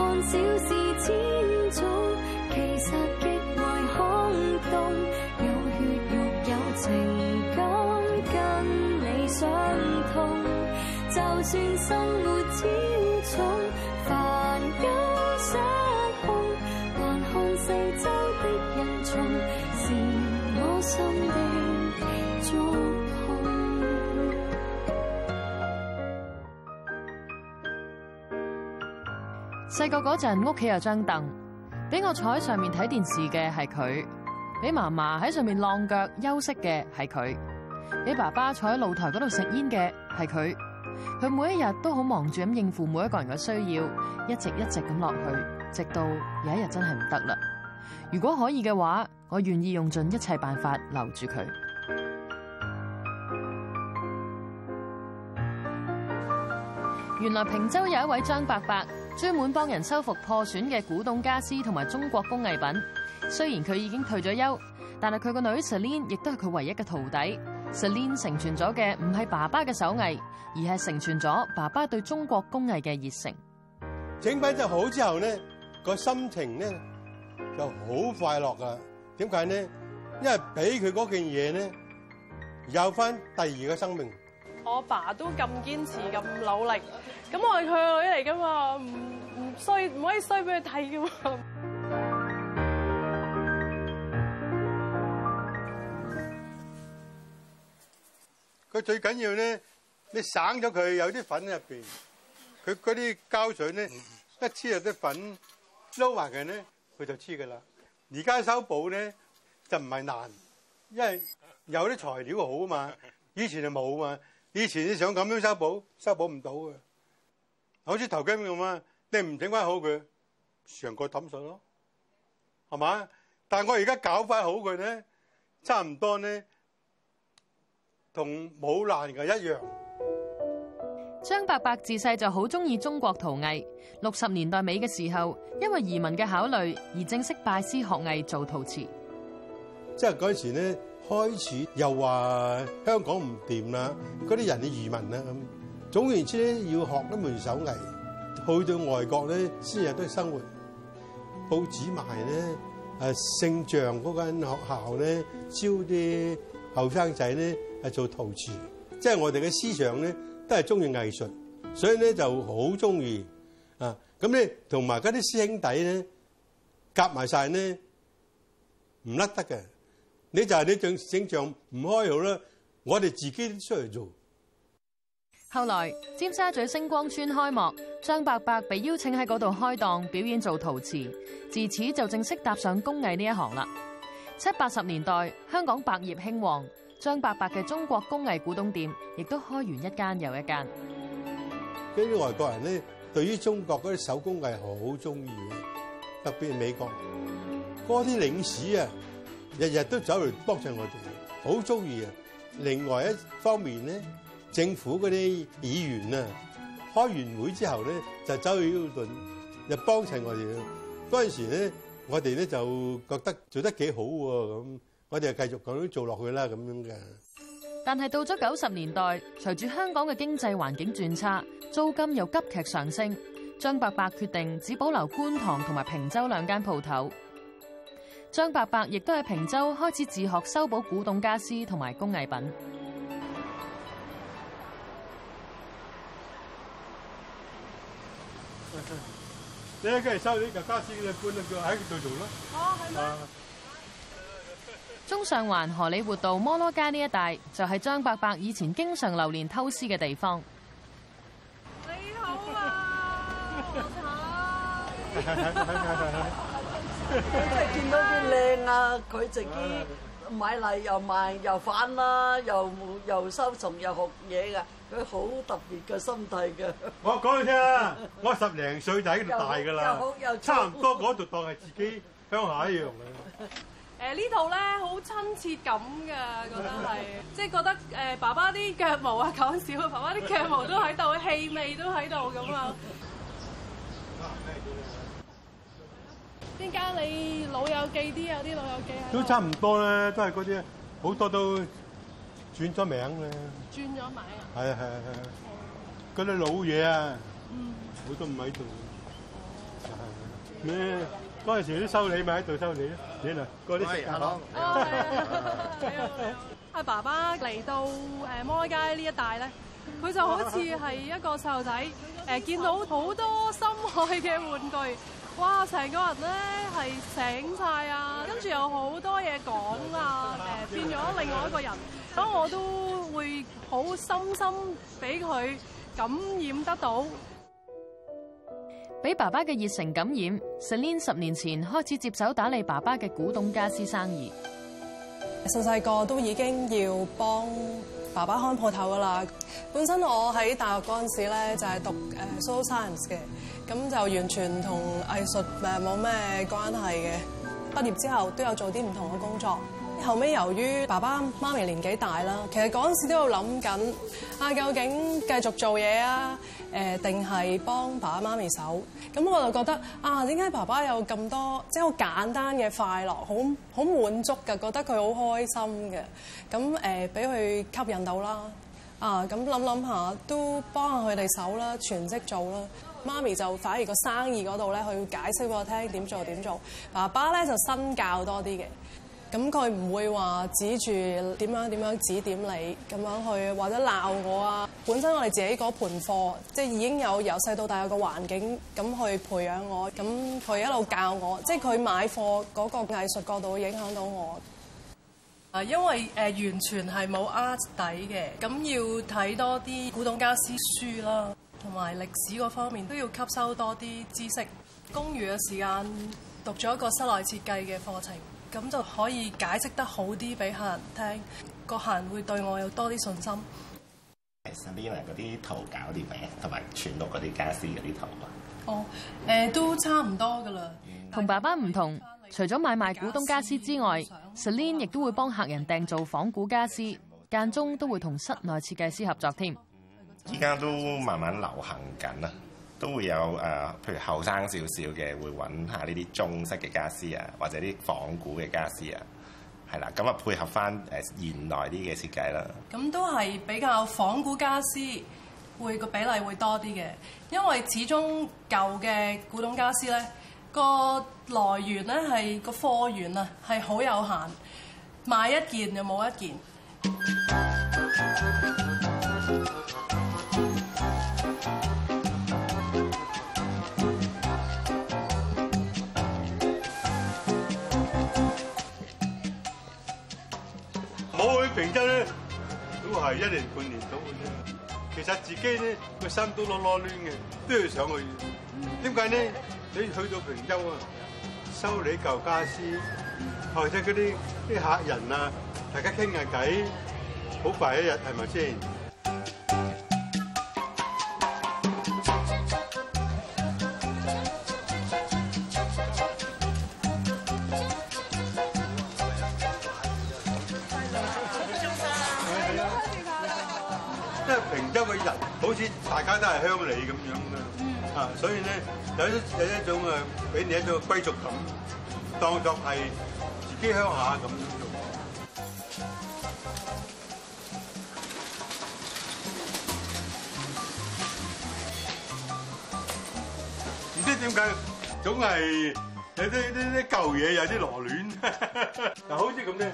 看小事千重，其實極為空洞。有血肉有情感，跟你相通。就算生活超重，煩憂失控，還看四周的人從是我心的。細個嗰陣，屋企有張凳，俾我坐喺上面睇電視嘅係佢，俾嫲嫲喺上面晾腳休息嘅係佢，俾爸爸坐喺露台嗰度食煙嘅係佢。佢每一日都好忙住咁應付每一個人嘅需要，一直一直咁落去，直到有一日真係唔得啦。如果可以嘅話，我願意用盡一切辦法留住佢。原來平洲有一位張伯伯。專門幫人修復破損嘅古董家私同埋中國工藝品。雖然佢已經退咗休，但係佢個女 Celine 亦都係佢唯一嘅徒弟。Celine 成全咗嘅唔係爸爸嘅手藝，而係成全咗爸爸對中國工藝嘅熱誠。整品做好之後咧，個心情咧就好快樂噶。點解呢？因為俾佢嗰件嘢咧有翻第二個生命。我爸都咁堅持咁努力，咁我係佢女嚟噶嘛，唔唔衰唔可以衰俾佢睇噶嘛。佢最緊要咧，你省咗佢有啲粉入面，佢嗰啲膠水咧、嗯、一黐入啲粉撈埋佢咧，佢就黐噶啦。而家修補咧就唔係難，因為有啲材料好啊嘛，以前就冇啊嘛。以前你想咁樣修補，修補唔到嘅，好似頭巾咁啊！你唔整翻好佢，成個抌水咯，係嘛？但我而家搞翻好佢咧，差唔多咧，同冇爛嘅一樣。張伯伯自細就好中意中國陶藝，六十年代尾嘅時候，因為移民嘅考慮而正式拜師學藝做陶瓷。即係嗰時咧。開始又話香港唔掂啦，嗰啲人嘅移民啦咁，總言之咧要學一門手藝，去到外國咧先日都係生活。報紙賣咧，誒、啊、聖象嗰間學校咧招啲後生仔咧係做陶瓷，即係我哋嘅思想咧都係中意藝術，所以咧就好中意啊！咁咧同埋嗰啲師兄弟咧夾埋晒咧唔甩得嘅。你就係呢種景象唔開好啦，我哋自己出嚟做。後來尖沙咀星光邨開幕，張伯伯被邀請喺嗰度開檔表演做陶瓷，自此就正式踏上工藝呢一行啦。七八十年代，香港百業興旺，張伯伯嘅中國工藝古董店亦都開完一間又一間。嗰啲外國人咧，對於中國嗰啲手工藝好中意，特別美國嗰啲領事啊。日日都走嚟幫襯我哋，好中意啊！另外一方面咧，政府嗰啲議員啊，開完會之後咧，就走去呢度又幫襯我哋。嗰陣時咧，我哋咧就覺得做得幾好喎，咁我哋就繼續咁做落去啦咁樣嘅。但係到咗九十年代，隨住香港嘅經濟環境轉差，租金又急劇上升，張伯伯決定只保留觀塘同埋坪洲兩間鋪頭。張伯伯亦都喺坪洲開始自學修補古董家私同埋工藝品。家做啊，中上環荷里活道摩羅街呢一帶就係張伯伯以前經常流連偷師嘅地方。你好啊， 真係見到佢靚啊！佢自己買嚟又賣又反啦，又又收藏又學嘢噶，佢好特別嘅心態噶。我講你聽啊，我十零歲仔就大噶啦，有差唔多嗰度當係自己鄉下一樣噶。誒呢套咧好親切咁噶，覺得係即係覺得誒爸爸啲腳毛啊講笑，爸爸啲腳毛都喺度，氣味都喺度咁啊！邊間你老友記啲啊？啲老友記啊？都差唔多咧，都係嗰啲好多都轉咗名咧。轉咗名啊！係啊係係，嗰啲老嘢啊，好多唔喺度。咩嗰陣時啲修理咪喺度修理咯？你嚟，多啲時間咯。阿爸爸嚟到誒摩羅街呢一帶咧，佢就好似係一個細路仔誒，見到好多心愛嘅玩具。哇！成個人咧係醒晒啊，跟住有好多嘢講啊，誒變咗另外一個人，咁我都會好深深俾佢感染得到。俾爸爸嘅熱誠感染，Celine 十年前開始接手打理爸爸嘅古董家私生意。細細個都已經要幫爸爸看鋪頭㗎喇。本身我喺大學嗰陣時咧就係讀誒 social science 嘅。咁就完全同藝術誒冇咩關係嘅。畢業之後都有做啲唔同嘅工作。後尾由於爸爸媽咪年紀大啦，其實嗰陣時都有諗緊啊，究竟繼續做嘢啊，呃、定係幫爸爸媽咪手？咁我就覺得啊，點解爸爸有咁多即係好簡單嘅快樂，好好滿足㗎，覺得佢好開心嘅。咁誒俾佢吸引到啦。啊，咁諗諗下，都幫下佢哋手啦，全職做啦。媽咪就反而個生意嗰度咧，佢解釋俾我聽點做點做。爸爸咧就身教多啲嘅，咁佢唔會話指住點樣點樣指點你咁樣去，或者鬧我啊。本身我哋自己嗰盤貨，即係已經有由細到大有個環境咁去培養我，咁佢一路教我，即係佢買貨嗰個藝術角度會影響到我。啊，因為誒、呃、完全係冇 art 底嘅，咁要睇多啲古董家私書啦，同埋歷史嗰方面都要吸收多啲知識。工餘嘅時間讀咗一個室內設計嘅課程，咁就可以解釋得好啲俾客人聽，個客人會對我有多啲信心。係 Celine 嗰啲圖搞啲咩？同埋全錄嗰啲家私嗰啲圖啊？哦，誒、呃、都差唔多噶啦。同、嗯、爸爸唔同，除咗買賣古董家私之外。Celine 亦都會幫客人訂做仿古家私，間中都會同室內設計師合作添。依家都慢慢流行緊啦，都會有誒，譬如後生少少嘅會揾下呢啲中式嘅家私啊，或者啲仿古嘅家私啊，係啦，咁啊配合翻誒現代啲嘅設計啦。咁都係比較仿古家私會個比例會多啲嘅，因為始終舊嘅古董家私咧。個來源咧係個貨源啊，係好有限，買一件就冇一件。冇去平洲咧，都係一年半年到嘅啫。其實自己咧個心都攞攞攣嘅，都要上去的。點解呢？你去到平洲啊，修理舊傢俬，或者嗰啲啲客人啊，大家傾下偈，好快一日係咪先？係啊，即係平洲嘅人，好似大家都係鄉里咁樣嘅。所以咧，有有一種誒，俾你一種歸屬感，當作係自己鄉下咁樣做，唔知點解總係有啲啲啲舊嘢有啲羅亂，就好似咁咧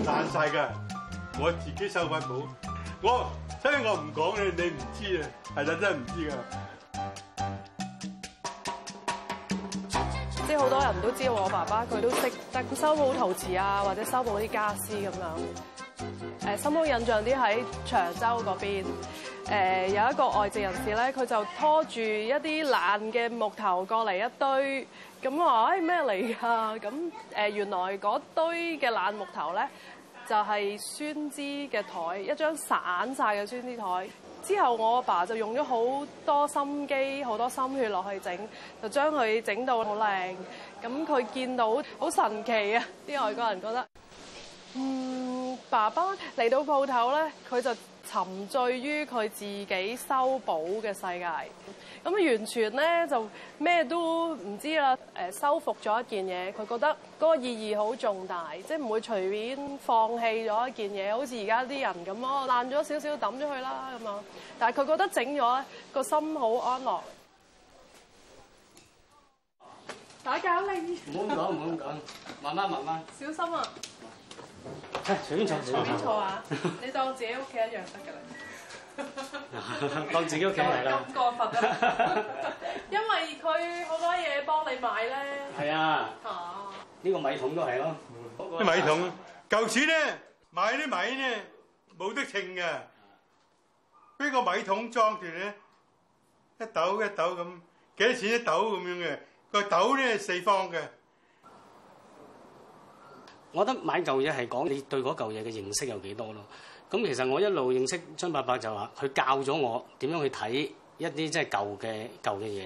爛晒㗎，我自己收費冇我，所以我唔講你，你唔知啊？係啦，真係唔知㗎。即係好多人都知道我爸爸佢都識，但係佢修補陶瓷啊，或者修補啲家私。咁樣。誒、呃，深刻印象啲喺長洲嗰邊、呃，有一個外籍人士咧，佢就拖住一啲爛嘅木頭過嚟一堆，咁話誒咩嚟㗎？咁、哎、誒、呃、原來嗰堆嘅爛木頭咧就係、是、酸枝嘅台，一張散晒嘅酸枝台。之後，我阿爸就用咗好多心機、好多心血落去整，就將佢整到好靚。咁佢見到好神奇啊！啲外國人覺得，嗯，爸爸嚟到鋪頭咧，佢就～沉醉於佢自己修補嘅世界，咁完全咧就咩都唔知啦。誒，修復咗一件嘢，佢覺得嗰個意義好重大，即係唔會隨便放棄咗一件嘢。好似而家啲人咁咯，爛咗少少抌咗去啦咁啊。但係佢覺得整咗個心好安樂。打擾你，唔好咁講，唔好咁講，慢慢慢慢。小心啊！隨便坐，隨便坐啊，你當自己屋企一樣得㗎啦。當自己屋企嚟啦。咁過分啦！因為佢好多嘢幫你買咧。係啊。哦。呢個米桶都係咯。啲米桶。舊時咧買啲米咧冇得稱㗎，邊個米桶裝住咧？一斗一斗咁，幾多錢一斗咁樣嘅？個斗咧，四方嘅。我覺得買舊嘢係講你對嗰舊嘢嘅認識有幾多咯。咁其實我一路認識張伯伯就話，佢教咗我點樣去睇一啲即係舊嘅舊嘅嘢。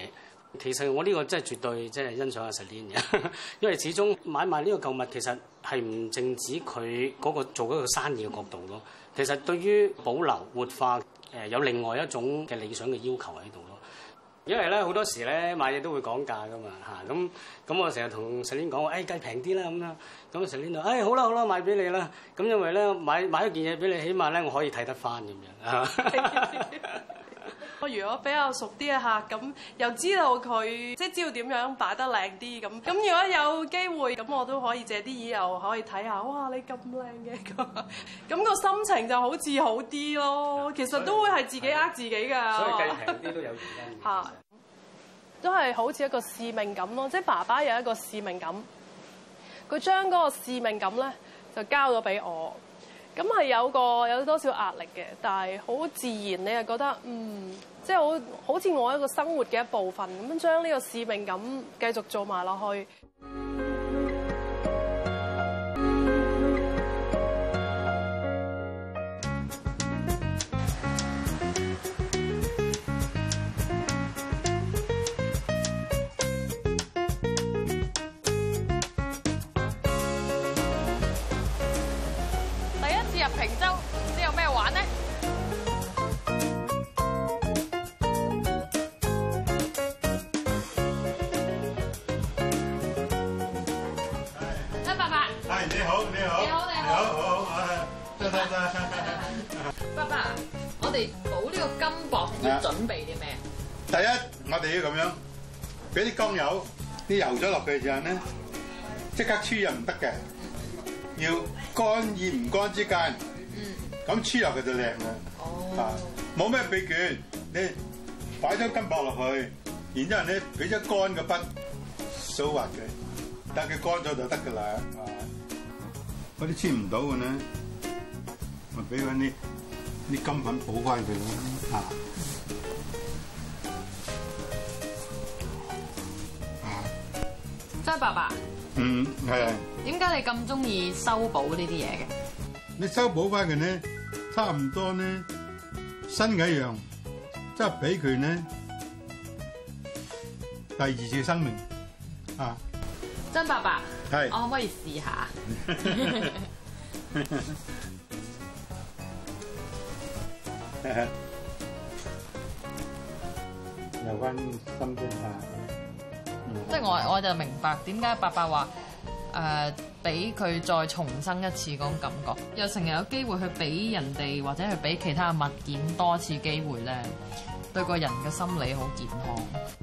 其實我呢個真係絕對即係欣賞阿 Celine 嘅，因為始終買賣呢個舊物其實係唔淨止佢嗰個做嗰個生意嘅角度咯。其實對於保留活化誒有另外一種嘅理想嘅要求喺度。因為咧好多時咧買嘢都會講價㗎嘛嚇，咁咁我成日同 Celine 講話，誒計平啲啦咁啦，咁 Celine 就誒好啦好啦買俾你啦。咁因為咧買買一件嘢俾你，起碼咧我可以睇得返咁樣啊。 如果比較熟啲嘅客，咁又知道佢即係知道點樣擺得靚啲，咁咁如果有機會，咁我都可以借啲耳又可以睇下，哇！你咁靚嘅咁，咁 個心情就好似好啲咯。其實都會係自己呃自己㗎。所以繼承啲都有用嘅。 都係好似一個使命感咯，即係爸爸有一個使命感，佢將嗰個使命感咧就交咗俾我。咁係有個有多少壓力嘅，但係好自然，你係覺得嗯，即係好似我一個生活嘅一部分，咁將呢個使命咁繼續做埋落去。爸爸，我哋補呢個金箔要準備啲咩？第一，我哋要咁樣，俾啲江油，啲油咗落去之後咧，即刻黐又唔得嘅，要乾與唔乾之間，咁黐落去就靚啦。哦，冇咩秘訣，你擺張金箔落去，然之後咧俾隻乾嘅筆，掃滑佢，等佢乾咗就得噶啦。我啲穿唔到嘅咧，我俾翻啲金粉補翻佢咯，啊！即係、嗯、爸爸，嗯係。點解你咁中意修補呢啲嘢嘅？你修補翻佢咧，差唔多咧，新嘅一樣，即係俾佢咧第二次生命，啊！真伯伯，是我可唔可以試下？有關 心先嚇，嗯、即係我我就明白點解伯伯話誒俾佢再重生一次嗰種感覺，又成日有機會去俾人哋或者去俾其他物件多次機會咧，對個人嘅心理好健康。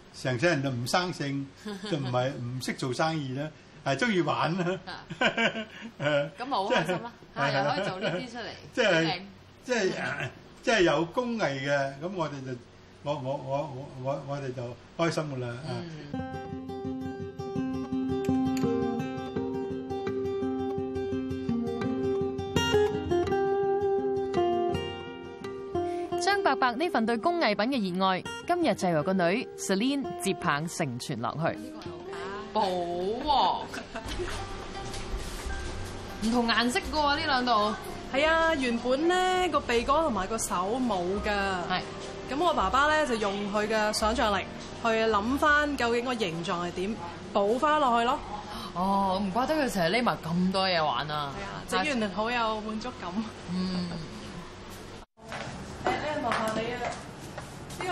成世人就唔生性，就唔係唔識做生意啦，係中意玩啦。咁好開心啦，又可以做呢啲出嚟，即係即係即係有工藝嘅，咁我哋就我我我我我我哋就開心噶啦。嗯啊。白呢份對工藝品嘅熱愛，今日就由個女 Celine 接棒成傳落去。呢個係好假，補唔王 同顏色噶喎呢兩度。係啊，原本咧個鼻哥同埋個手冇噶。係的。咁我爸爸咧就用佢嘅想象力去諗翻究竟個形狀係點補翻落去咯。哦，唔怪得佢成日匿埋咁多嘢玩啊？係啊的，整完好有滿足感。嗯。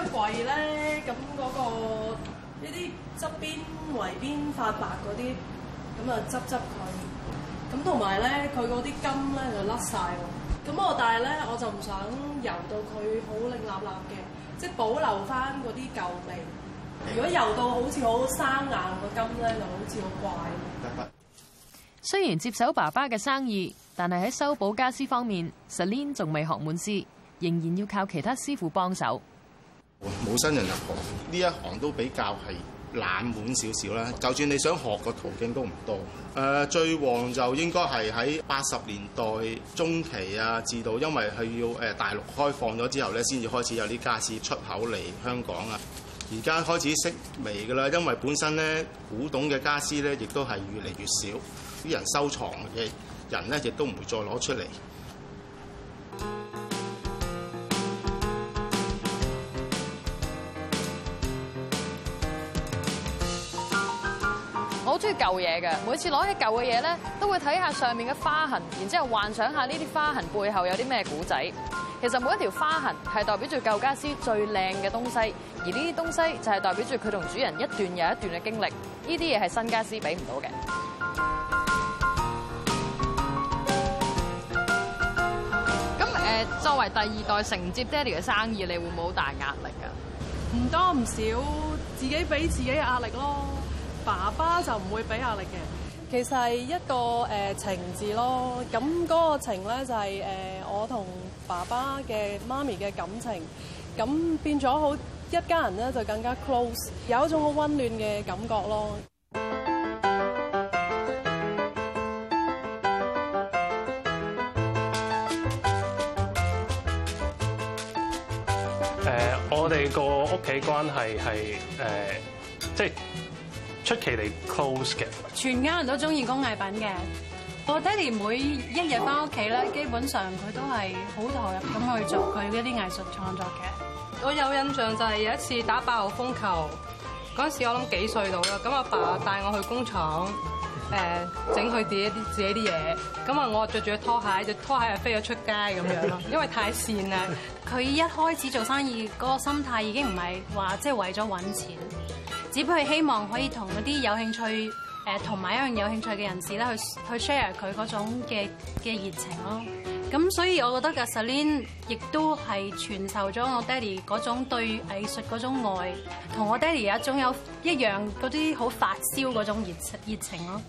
櫃咧咁嗰個一啲側邊、圍邊發白嗰啲，咁啊執執佢咁，同埋咧佢嗰啲金咧就甩晒喎。咁我但係咧我就唔想油到佢好凌立立嘅，即係保留翻嗰啲舊味。如果油到好似好生硬個金咧，就好似好怪。爸雖然接手爸爸嘅生意，但係喺修補家私方面，Celine 仲未學滿師，仍然要靠其他師傅幫手。冇新人入行，呢一行都比較係冷門少少啦。就算你想學，個途徑都唔多。誒，最旺就應該係喺八十年代中期啊，至到因為係要誒大陸開放咗之後呢，先至開始有啲家私出口嚟香港啊。而家開始式微㗎啦，因為本身呢古董嘅家私呢亦都係越嚟越少，啲人收藏嘅人呢亦都唔會再攞出嚟。舊嘢嘅，每次攞起舊嘅嘢咧，都會睇下上面嘅花痕，然之後幻想下呢啲花痕背後有啲咩古仔。其實每一條花痕係代表住舊家私最靚嘅東西，而呢啲東西就係代表住佢同主人一段又一段嘅經歷。呢啲嘢係新家私俾唔到嘅。咁、呃、誒，作為第二代承接爹哋嘅生意，你會冇會好大壓力啊？唔多唔少，自己俾自己嘅壓力咯。爸爸就唔會俾壓力嘅，其實係一個誒、呃、情字咯。咁嗰個情咧就係、係呃、我同爸爸嘅媽咪嘅感情，咁變咗好一家人咧就更加 close，有一種好溫暖嘅感覺咯。誒、呃，我哋個屋企關係係誒，即、呃、係。即係出奇地 close 嘅，全家人都中意工藝品嘅。我爹哋每一日翻屋企咧，基本上佢都係好投入咁去做佢嗰啲藝術創作嘅。我有印象就係有一次打八號風球嗰陣時，我諗幾歲到啦？咁阿爸帶我去工廠誒整佢自己啲自己啲嘢，咁啊我着住拖鞋，隻拖鞋啊飛咗出街咁樣咯，因為太跣啦。佢一開始做生意嗰個心態已經唔係話即係為咗揾錢。只不過希望可以同嗰啲有興趣，誒同埋一樣有興趣嘅人士咧，去去 share 佢嗰種嘅嘅熱情咯。咁所以我覺得嘅 Celine 亦都係傳授咗我爹哋嗰種對藝術嗰種愛，同我爹哋有一種有一樣嗰啲好發燒嗰種熱熱情咯。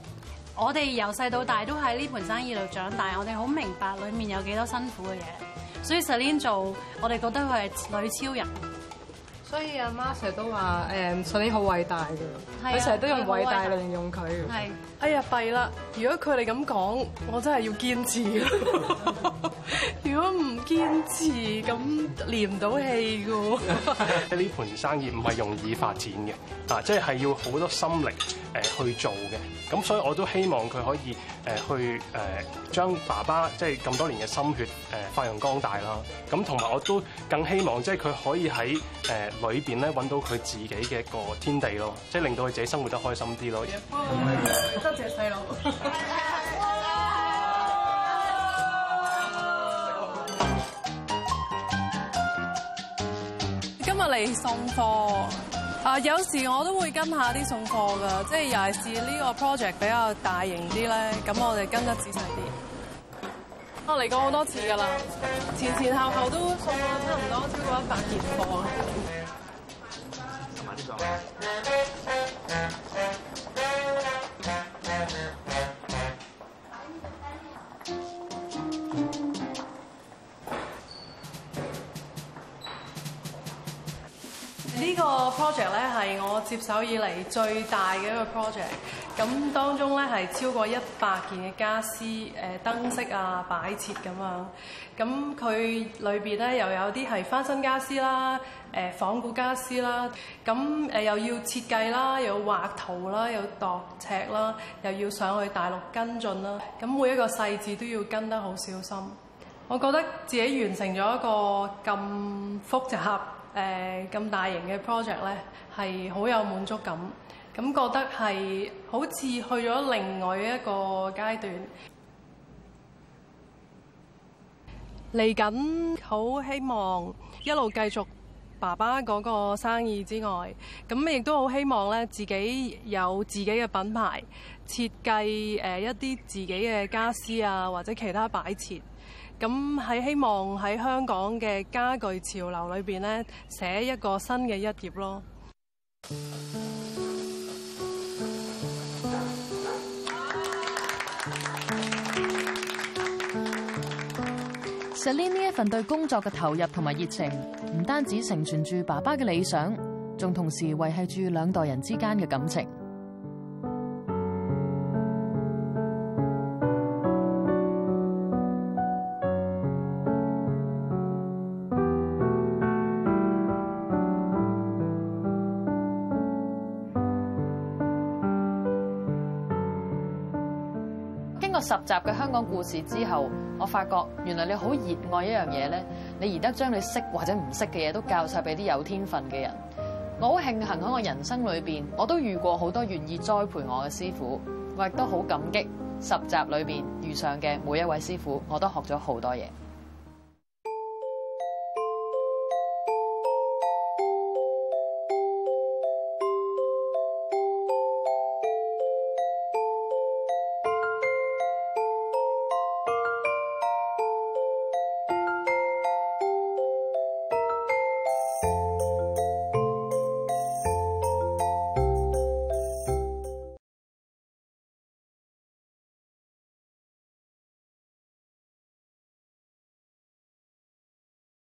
我哋由細到大都喺呢盤生意度長大，我哋好明白裏面有幾多辛苦嘅嘢，所以 Celine 做，我哋覺得佢係女超人。所以阿媽成日都話誒順英好偉大嘅，佢成日都用偉大嚟形容佢。係，哎呀弊啦！如果佢哋咁講，我真係要堅持。 如果唔堅持，咁練唔到氣嘅。呢 盤生意唔係容易發展嘅，嗱，即係要好多心力誒去做嘅。咁所以我都希望佢可以誒去誒將爸爸即係咁多年嘅心血誒發揚光大啦。咁同埋我都更希望即係佢可以喺誒。裏邊咧揾到佢自己嘅一個天地咯，即係令到佢自己生活得開心啲咯。多謝細路，今日嚟送貨。啊，有時我都會跟下啲送貨㗎，即係尤其是呢個 project 比較大型啲咧，咁我哋跟得仔細啲。我嚟過好多次㗎啦，前前後後都送過差唔多超過一百件貨。接手以嚟最大嘅一個 project，咁當中呢係超過一百件嘅傢俬誒、燈飾啊、擺設咁樣。咁佢裏邊呢又有啲係翻新傢俬啦，誒、呃、仿古傢俬啦。咁誒又要設計啦，又要畫圖啦，又度尺啦，又要上去大陸跟進啦。咁每一個細節都要跟得好小心。我覺得自己完成咗一個咁複雜。誒咁、呃、大型嘅 project 咧，係好有滿足感，咁覺得係好似去咗另外一個階段。嚟緊好希望一路繼續爸爸嗰個生意之外，咁亦都好希望呢，自己有自己嘅品牌，設計誒一啲自己嘅家私啊，或者其他擺設。咁喺希望喺香港嘅家具潮流裏邊咧，寫一個新嘅一頁咯。Celine 呢一份對工作嘅投入同埋熱情，唔單止成全住爸爸嘅理想，仲同時維繫住兩代人之間嘅感情。十集嘅香港故事之後，我發覺原來你好熱愛一樣嘢咧，你而家將你識或者唔識嘅嘢都教晒俾啲有天分嘅人。我好慶幸喺我人生裏邊，我都遇過好多願意栽培我嘅師傅，我亦都好感激十集裏邊遇上嘅每一位師傅，我都學咗好多嘢。